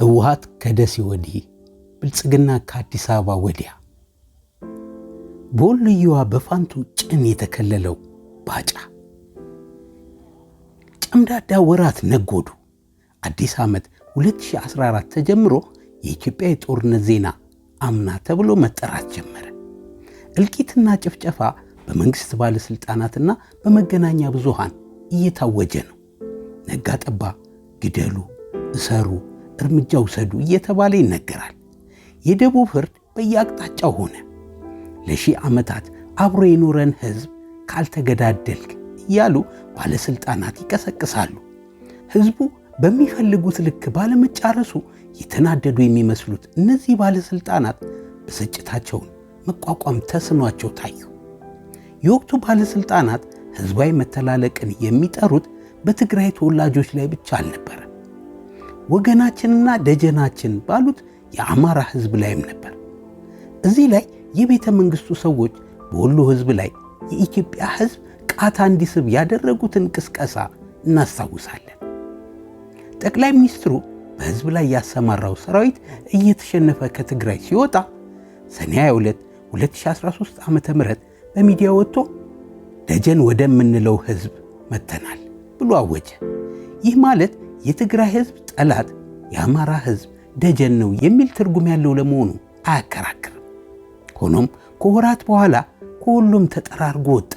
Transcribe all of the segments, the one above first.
ህወሓት ከደሴ ወዲህ ብልጽግና ከአዲስ አበባ ወዲያ በወሎየዋ በፋንቱ ጭን የተከለለው ባጫ ጨምዳዳ ወራት ነጎዱ። አዲስ ዓመት 2014 ተጀምሮ የኢትዮጵያ የጦርነት ዜና አምና ተብሎ መጠራት ጀመረ። እልቂትና ጭፍጨፋ በመንግሥት ባለሥልጣናትና በመገናኛ ብዙሃን እየታወጀ ነው። ነጋጠባ ግደሉ፣ እሰሩ እርምጃ ውሰዱ እየተባለ ይነገራል። የደቡብ ፍርድ በየአቅጣጫው ሆነ። ለሺህ ዓመታት አብሮ የኖረን ሕዝብ ካልተገዳደልክ እያሉ ባለሥልጣናት ይቀሰቅሳሉ። ሕዝቡ በሚፈልጉት ልክ ባለመጫረሱ የተናደዱ የሚመስሉት እነዚህ ባለሥልጣናት ብስጭታቸውን መቋቋም ተስኗቸው ታዩ። የወቅቱ ባለሥልጣናት ሕዝባዊ መተላለቅን የሚጠሩት በትግራይ ተወላጆች ላይ ብቻ አልነበረ። ወገናችንና ደጀናችን ባሉት የአማራ ሕዝብ ላይም ነበር። እዚህ ላይ የቤተ መንግሥቱ ሰዎች በወሎ ሕዝብ ላይ የኢትዮጵያ ሕዝብ ቃታ እንዲስብ ያደረጉትን ቅስቀሳ እናስታውሳለን። ጠቅላይ ሚኒስትሩ በሕዝብ ላይ ያሰማራው ሰራዊት እየተሸነፈ ከትግራይ ሲወጣ ሰኔ 22 2013 ዓ ም በሚዲያ ወጥቶ ደጀን ወደምንለው ሕዝብ መተናል ብሎ አወጀ። ይህ ማለት የትግራይ ህዝብ ጠላት፣ የአማራ ህዝብ ደጀን ነው የሚል ትርጉም ያለው ለመሆኑ አያከራክርም። ሆኖም ከወራት በኋላ ከሁሉም ተጠራርጎ ወጣ።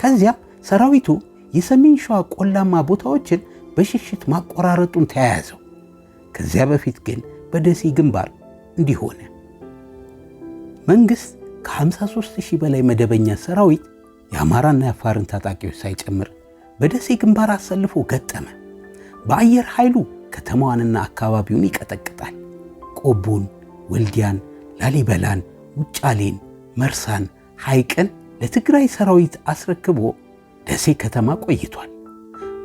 ከዚያም ሰራዊቱ የሰሜን ሸዋ ቆላማ ቦታዎችን በሽሽት ማቆራረጡን ተያያዘው። ከዚያ በፊት ግን በደሴ ግንባር እንዲሆነ ሆነ። መንግሥት ከ53 ሺህ በላይ መደበኛ ሰራዊት የአማራና የአፋርን ታጣቂዎች ሳይጨምር በደሴ ግንባር አሰልፎ ገጠመ። በአየር ኃይሉ ከተማዋንና አካባቢውን ይቀጠቅጣል። ቆቦን፣ ወልዲያን፣ ላሊበላን፣ ውጫሌን፣ መርሳን፣ ሐይቅን ለትግራይ ሰራዊት አስረክቦ ደሴ ከተማ ቆይቷል።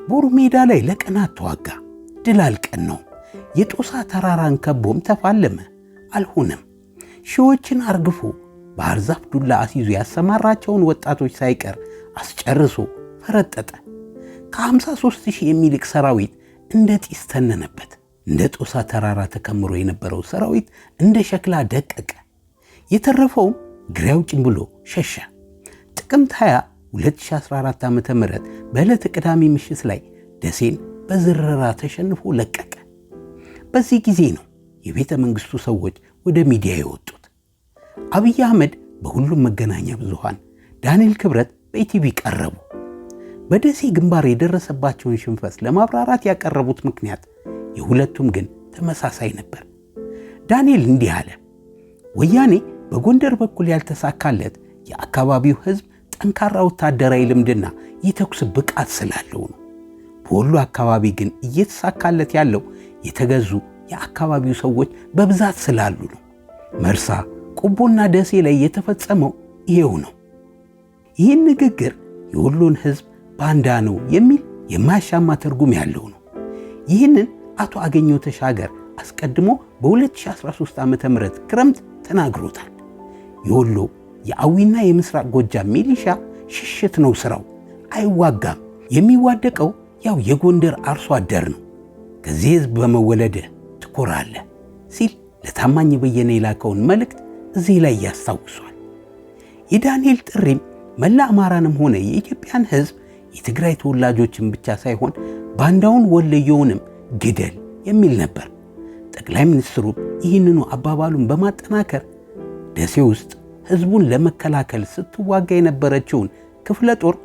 ቦሩ ሜዳ ላይ ለቀናት ተዋጋ። ድል አልቀን ነው። የጦሳ ተራራን ከቦም ተፋለመ። አልሆነም። ሺዎችን አርግፎ ባህር ዛፍ ዱላ አስይዞ ያሰማራቸውን ወጣቶች ሳይቀር አስጨርሶ ፈረጠጠ። ከ53 ሺህ የሚልቅ ሰራዊት እንደ ጢስ ተነነበት። እንደ ጦሳ ተራራ ተከምሮ የነበረው ሰራዊት እንደ ሸክላ ደቀቀ። የተረፈውም ግራ አውጭኝ ብሎ ሸሸ። ጥቅምት 20 2014 ዓ ም በዕለተ ቅዳሜ ምሽት ላይ ደሴን በዝረራ ተሸንፎ ለቀቀ። በዚህ ጊዜ ነው የቤተ መንግሥቱ ሰዎች ወደ ሚዲያ የወጡት። አብይ አህመድ በሁሉም መገናኛ ብዙሃን፣ ዳንኤል ክብረት በኢቲቪ ቀረቡ። በደሴ ግንባር የደረሰባቸውን ሽንፈት ለማብራራት ያቀረቡት ምክንያት የሁለቱም ግን ተመሳሳይ ነበር። ዳንኤል እንዲህ አለ። ወያኔ በጎንደር በኩል ያልተሳካለት የአካባቢው ሕዝብ ጠንካራ ወታደራዊ ልምድና የተኩስ ብቃት ስላለው ነው። በወሎ አካባቢ ግን እየተሳካለት ያለው የተገዙ የአካባቢው ሰዎች በብዛት ስላሉ ነው። መርሳ፣ ቆቦና ደሴ ላይ የተፈጸመው ይሄው ነው። ይህን ንግግር የወሎን ሕዝብ ባንዳ ነው የሚል የማያሻማ ትርጉም ያለው ነው። ይህንን አቶ አገኘው ተሻገር አስቀድሞ በ2013 ዓ ም ክረምት ተናግሮታል። የወሎ የአዊና የምስራቅ ጎጃም ሚሊሻ ሽሽት ነው ስራው፣ አይዋጋም። የሚዋደቀው ያው የጎንደር አርሶ አደር ነው። ከዚህ ህዝብ ትኩር አለ ሲል ለታማኝ በየነ የላከውን መልእክት እዚህ ላይ ያስታውሷል። የዳንኤል ጥሪም መላ አማራንም ሆነ የኢትዮጵያን ህዝብ የትግራይ ተወላጆችን ብቻ ሳይሆን ባንዳውን ወለየውንም ግደል የሚል ነበር። ጠቅላይ ሚኒስትሩ ይህንኑ አባባሉን በማጠናከር ደሴ ውስጥ ህዝቡን ለመከላከል ስትዋጋ የነበረችውን ክፍለ ጦር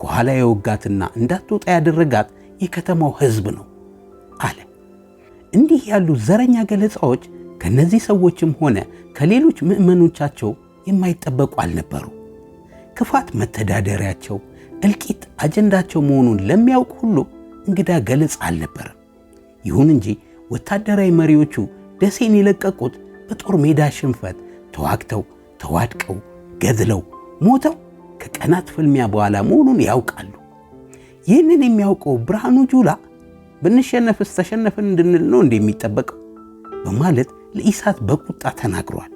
ከኋላ የወጋትና እንዳትወጣ ያደረጋት የከተማው ህዝብ ነው አለ። እንዲህ ያሉ ዘረኛ ገለጻዎች ከእነዚህ ሰዎችም ሆነ ከሌሎች ምዕመኖቻቸው የማይጠበቁ አልነበሩ። ክፋት መተዳደሪያቸው እልቂት አጀንዳቸው መሆኑን ለሚያውቅ ሁሉ እንግዳ ገለጻ አልነበረም። ይሁን እንጂ ወታደራዊ መሪዎቹ ደሴን የለቀቁት በጦር ሜዳ ሽንፈት ተዋግተው፣ ተዋድቀው፣ ገድለው፣ ሞተው ከቀናት ፍልሚያ በኋላ መሆኑን ያውቃሉ። ይህንን የሚያውቀው ብርሃኑ ጁላ ብንሸነፍስ ተሸነፍን እንድንል ነው እንደሚጠበቀው በማለት ለኢሳት በቁጣ ተናግሯል።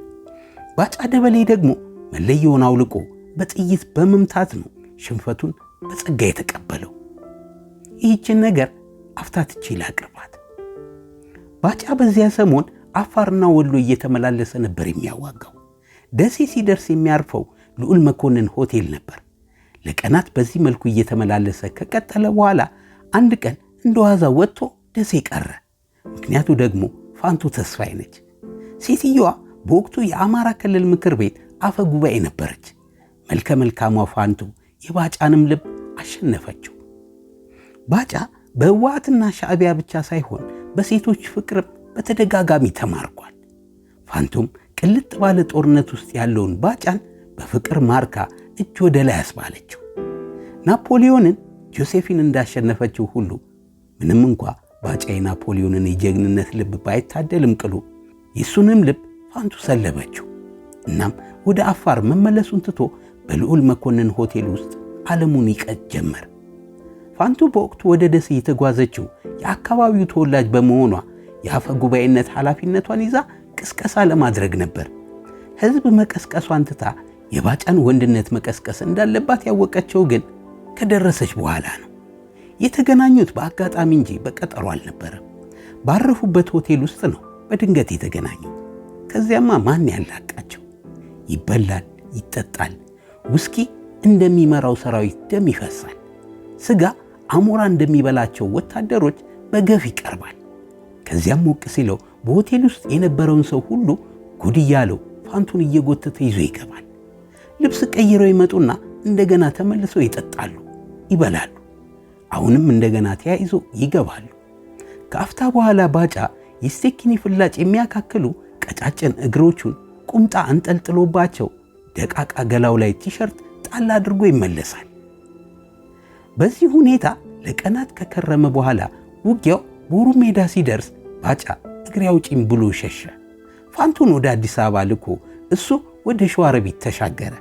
ባጫ ደበሌ ደግሞ መለየውን አውልቆ በጥይት በመምታት ነው ሽንፈቱን በጸጋ የተቀበለው። ይህችን ነገር አፍታትቼ ላቅርባት። ባጫ በዚያ ሰሞን አፋርና ወሎ እየተመላለሰ ነበር የሚያዋጋው። ደሴ ሲደርስ የሚያርፈው ልዑል መኮንን ሆቴል ነበር። ለቀናት በዚህ መልኩ እየተመላለሰ ከቀጠለ በኋላ አንድ ቀን እንደ ዋዛ ወጥቶ ደሴ ቀረ። ምክንያቱ ደግሞ ፋንቱ ተስፋዬ ነች። ሴትየዋ በወቅቱ የአማራ ክልል ምክር ቤት አፈ ጉባኤ ነበረች። መልከ መልካሟ ፋንቱ የባጫንም ልብ አሸነፈችው። ባጫ በህወሓትና ሻዕቢያ ብቻ ሳይሆን በሴቶች ፍቅር በተደጋጋሚ ተማርኳል። ፋንቶም ቅልጥ ባለ ጦርነት ውስጥ ያለውን ባጫን በፍቅር ማርካ እጅ ወደ ላይ አስባለችው። ናፖሊዮንን ጆሴፊን እንዳሸነፈችው ሁሉ ምንም እንኳ ባጫ የናፖሊዮንን የጀግንነት ልብ ባይታደልም ቅሉ የእሱንም ልብ ፋንቱ ሰለበችው። እናም ወደ አፋር መመለሱን ትቶ በልዑል መኮንን ሆቴል ውስጥ ዓለሙን ይቀጭ ጀመር። ፋንቱ በወቅቱ ወደ ደሴ የተጓዘችው የአካባቢው ተወላጅ በመሆኗ የአፈ ጉባኤነት ኃላፊነቷን ይዛ ቅስቀሳ ለማድረግ ነበር። ሕዝብ መቀስቀሷን ትታ የባጫን ወንድነት መቀስቀስ እንዳለባት ያወቀችው ግን ከደረሰች በኋላ ነው። የተገናኙት በአጋጣሚ እንጂ በቀጠሮ አልነበረም። ባረፉበት ሆቴል ውስጥ ነው በድንገት የተገናኙት። ከዚያማ ማን ያላቃቸው? ይበላል፣ ይጠጣል ውስኪ እንደሚመራው ሰራዊት ደም ይፈሳል። ስጋ አሞራ እንደሚበላቸው ወታደሮች በገፍ ይቀርባል። ከዚያም ሞቅ ሲለው በሆቴል ውስጥ የነበረውን ሰው ሁሉ ጉድ እያለው ፋንቱን እየጎተተ ይዞ ይገባል። ልብስ ቀይረው ይመጡና እንደገና ተመልሰው ይጠጣሉ፣ ይበላሉ። አሁንም እንደገና ተያይዞ ይገባሉ። ከአፍታ በኋላ ባጫ የስቴኪኒ ፍላጭ የሚያካክሉ ቀጫጭን እግሮቹን ቁምጣ አንጠልጥሎባቸው ደቃቃ ገላው ላይ ቲሸርት ጣል አድርጎ ይመለሳል። በዚህ ሁኔታ ለቀናት ከከረመ በኋላ ውጊያው ቦሩ ሜዳ ሲደርስ ባጫ እግሬ አውጪኝ ብሎ ሸሸ። ፋንቱን ወደ አዲስ አበባ ልኮ እሱ ወደ ሸዋረቢት ተሻገረ።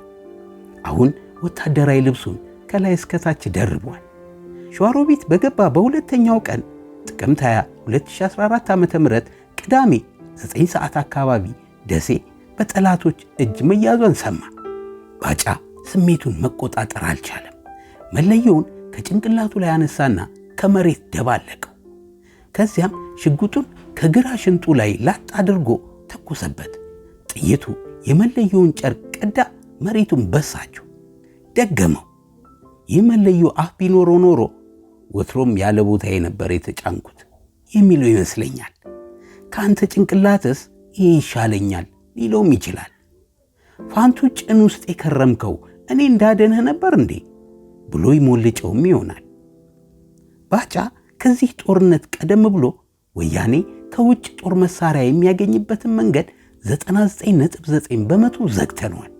አሁን ወታደራዊ ልብሱን ከላይ እስከታች ደርቧል። ሸዋሮቢት በገባ በሁለተኛው ቀን ጥቅምት 20 2014 ዓ.ም ቅዳሜ 9 ሰዓት አካባቢ ደሴ በጠላቶች እጅ መያዟን ሰማ። ባጫ ስሜቱን መቆጣጠር አልቻለም። መለየውን ከጭንቅላቱ ላይ አነሳና ከመሬት ደባለቀው። ከዚያም ሽጉጡን ከግራ ሽንጡ ላይ ላጥ አድርጎ ተኮሰበት። ጥይቱ የመለየውን ጨርቅ ቀዳ፣ መሬቱን በሳቸው። ደገመው። ይህ መለዮ አፍ ቢኖሮ ኖሮ ወትሮም ያለ ቦታ የነበረ የተጫንኩት የሚለው ይመስለኛል። ከአንተ ጭንቅላትስ ይህ ይሻለኛል ሊለውም ይችላል። ፋንቱ ጭን ውስጥ የከረምከው እኔ እንዳደንህ ነበር እንዴ ብሎ ይሞልጨውም ይሆናል። ባጫ ከዚህ ጦርነት ቀደም ብሎ ወያኔ ከውጭ ጦር መሳሪያ የሚያገኝበትን መንገድ 99.9 በመቶ ዘግተነዋል፣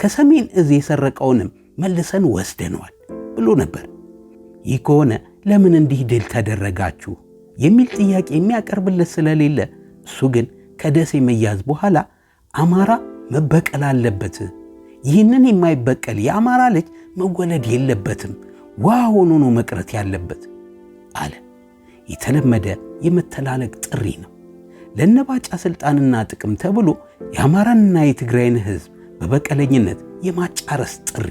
ከሰሜን እዝ የሰረቀውንም መልሰን ወስደነዋል ብሎ ነበር። ይህ ከሆነ ለምን እንዲህ ድል ተደረጋችሁ የሚል ጥያቄ የሚያቀርብለት ስለሌለ እሱ ግን ከደሴ መያዝ በኋላ አማራ መበቀል አለበት። ይህንን የማይበቀል የአማራ ልጅ መወለድ የለበትም። ዋ ሆኖ ነው መቅረት ያለበት አለ። የተለመደ የመተላለቅ ጥሪ ነው። ለነባጫ ስልጣንና ጥቅም ተብሎ የአማራንና የትግራይን ሕዝብ በበቀለኝነት የማጫረስ ጥሪ።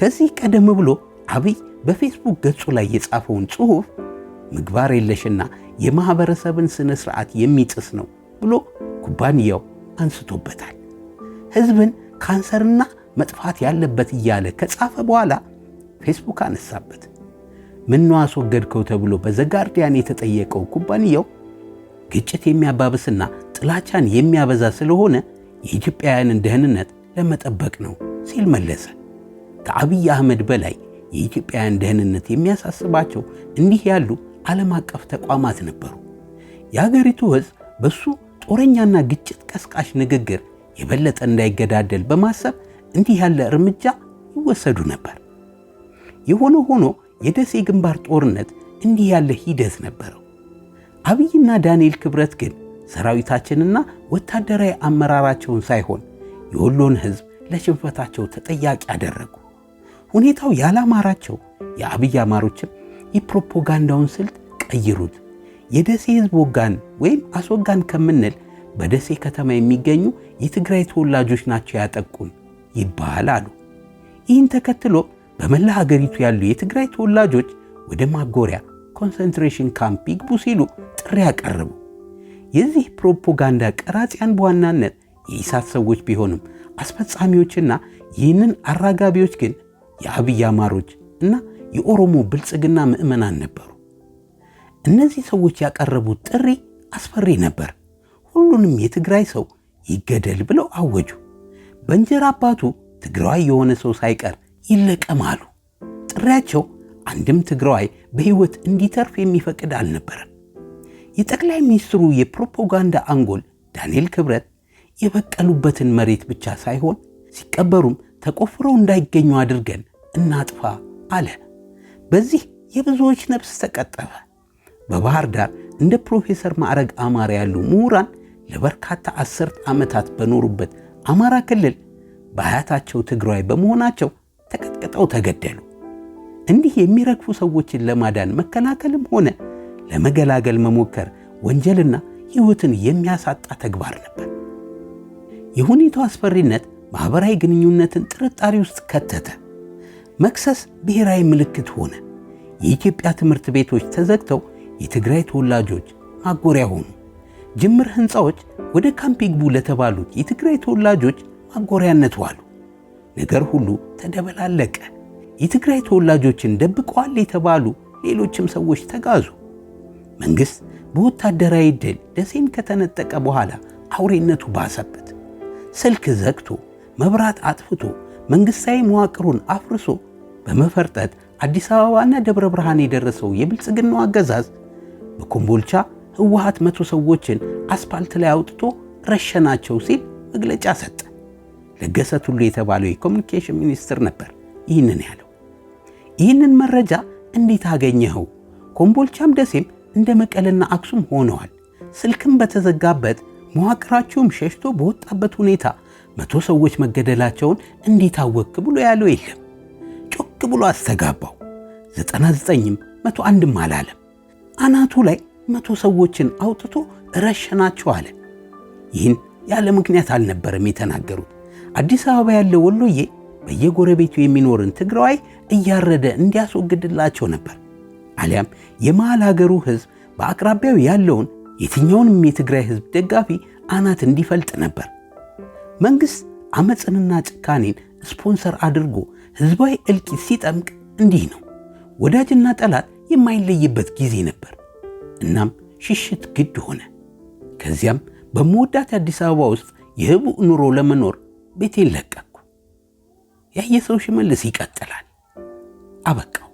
ከዚህ ቀደም ብሎ አብይ በፌስቡክ ገጹ ላይ የጻፈውን ጽሑፍ ምግባር የለሽና የማኅበረሰብን ሥነ ሥርዓት የሚጥስ ነው ብሎ ኩባንያው አንስቶበታል። ህዝብን ካንሰርና መጥፋት ያለበት እያለ ከጻፈ በኋላ ፌስቡክ አነሳበት። ምነው አስወገድከው ተብሎ በዘጋርዲያን የተጠየቀው ኩባንያው ግጭት የሚያባብስና ጥላቻን የሚያበዛ ስለሆነ የኢትዮጵያውያንን ደህንነት ለመጠበቅ ነው ሲል መለሰ። ከአብይ አህመድ በላይ የኢትዮጵያውያን ደህንነት የሚያሳስባቸው እንዲህ ያሉ ዓለም አቀፍ ተቋማት ነበሩ። የአገሪቱ ህዝብ በሱ ጦረኛና ግጭት ቀስቃሽ ንግግር የበለጠ እንዳይገዳደል በማሰብ እንዲህ ያለ እርምጃ ይወሰዱ ነበር። የሆነ ሆኖ የደሴ ግንባር ጦርነት እንዲህ ያለ ሂደት ነበረው። አብይና ዳንኤል ክብረት ግን ሰራዊታችንና ወታደራዊ አመራራቸውን ሳይሆን የወሎን ሕዝብ ለሽንፈታቸው ተጠያቂ አደረጉ። ሁኔታው ያላማራቸው የአብይ አማሮችም የፕሮፓጋንዳውን ስልት ቀይሩት የደሴ ህዝብ ወጋን ወይም አስወጋን ከምንል በደሴ ከተማ የሚገኙ የትግራይ ተወላጆች ናቸው ያጠቁን ይባል አሉ። ይህን ተከትሎ በመላ ሀገሪቱ ያሉ የትግራይ ተወላጆች ወደ ማጎሪያ ኮንሰንትሬሽን ካምፕ ይግቡ ሲሉ ጥሪ ያቀርቡ የዚህ ፕሮፓጋንዳ ቀራጺያን በዋናነት የኢሳት ሰዎች ቢሆንም አስፈጻሚዎችና ይህንን አራጋቢዎች ግን የአብይ አማሮች እና የኦሮሞ ብልጽግና ምዕመናን ነበሩ። እነዚህ ሰዎች ያቀረቡት ጥሪ አስፈሪ ነበር። ሁሉንም የትግራይ ሰው ይገደል ብለው አወጁ። በእንጀራ አባቱ ትግራዋይ የሆነ ሰው ሳይቀር ይለቀማሉ። ጥሪያቸው አንድም ትግራዋይ በሕይወት እንዲተርፍ የሚፈቅድ አልነበረም። የጠቅላይ ሚኒስትሩ የፕሮፓጋንዳ አንጎል ዳንኤል ክብረት የበቀሉበትን መሬት ብቻ ሳይሆን ሲቀበሩም ተቆፍረው እንዳይገኙ አድርገን እናጥፋ አለ። በዚህ የብዙዎች ነፍስ ተቀጠፈ። በባህር ዳር እንደ ፕሮፌሰር ማዕረግ አማረ ያሉ ምሁራን ለበርካታ አስርት ዓመታት በኖሩበት አማራ ክልል በአያታቸው ትግራይ በመሆናቸው ተቀጥቅጠው ተገደሉ። እንዲህ የሚረግፉ ሰዎችን ለማዳን መከላከልም ሆነ ለመገላገል መሞከር ወንጀልና ሕይወትን የሚያሳጣ ተግባር ነበር። የሁኔታው አስፈሪነት ማኅበራዊ ግንኙነትን ጥርጣሬ ውስጥ ከተተ። መክሰስ ብሔራዊ ምልክት ሆነ። የኢትዮጵያ ትምህርት ቤቶች ተዘግተው የትግራይ ተወላጆች ማጎሪያ ሆኑ። ጅምር ህንፃዎች ወደ ካምፕ ግቡ ለተባሉት የትግራይ ተወላጆች ማጎሪያነት ዋሉ። ነገር ሁሉ ተደበላለቀ። የትግራይ ተወላጆችን ደብቀዋል የተባሉ ሌሎችም ሰዎች ተጋዙ። መንግሥት በወታደራዊ ድል ደሴን ከተነጠቀ በኋላ አውሬነቱ ባሰበት። ስልክ ዘግቶ፣ መብራት አጥፍቶ፣ መንግሥታዊ መዋቅሩን አፍርሶ በመፈርጠት አዲስ አበባና ደብረ ብርሃን የደረሰው የብልጽግናው አገዛዝ በኮምቦልቻ ህወሀት መቶ ሰዎችን አስፓልት ላይ አውጥቶ ረሸናቸው ሲል መግለጫ ሰጠ። ለገሰ ቱሉ የተባለው የኮሚኒኬሽን ሚኒስትር ነበር ይህንን ያለው። ይህንን መረጃ እንዴት አገኘኸው? ኮምቦልቻም ደሴም እንደ መቀለና አክሱም ሆነዋል። ስልክም በተዘጋበት መዋቅራቸውም ሸሽቶ በወጣበት ሁኔታ መቶ ሰዎች መገደላቸውን እንዴት አወክ ብሎ ያለው የለም። ጮክ ብሎ አስተጋባው። 99ም መቶ አንድም አላለም። አናቱ ላይ መቶ ሰዎችን አውጥቶ ረሸናቸው አለ። ይህን ያለ ምክንያት አልነበረም የተናገሩት። አዲስ አበባ ያለው ወሎዬ በየጎረቤቱ የሚኖርን ትግራዋይ እያረደ እንዲያስወግድላቸው ነበር። አሊያም የመሃል አገሩ ሕዝብ በአቅራቢያው ያለውን የትኛውንም የትግራይ ሕዝብ ደጋፊ አናት እንዲፈልጥ ነበር። መንግሥት አመፅንና ጭካኔን ስፖንሰር አድርጎ ሕዝባዊ እልቂት ሲጠምቅ እንዲህ ነው። ወዳጅና ጠላት የማይለይበት ጊዜ ነበር። እናም ሽሽት ግድ ሆነ። ከዚያም በመወዳት አዲስ አበባ ውስጥ የህቡ ኑሮ ለመኖር ቤቴን ለቀቅኩ። ያየሰው ሽመልስ ይቀጥላል። አበቃው።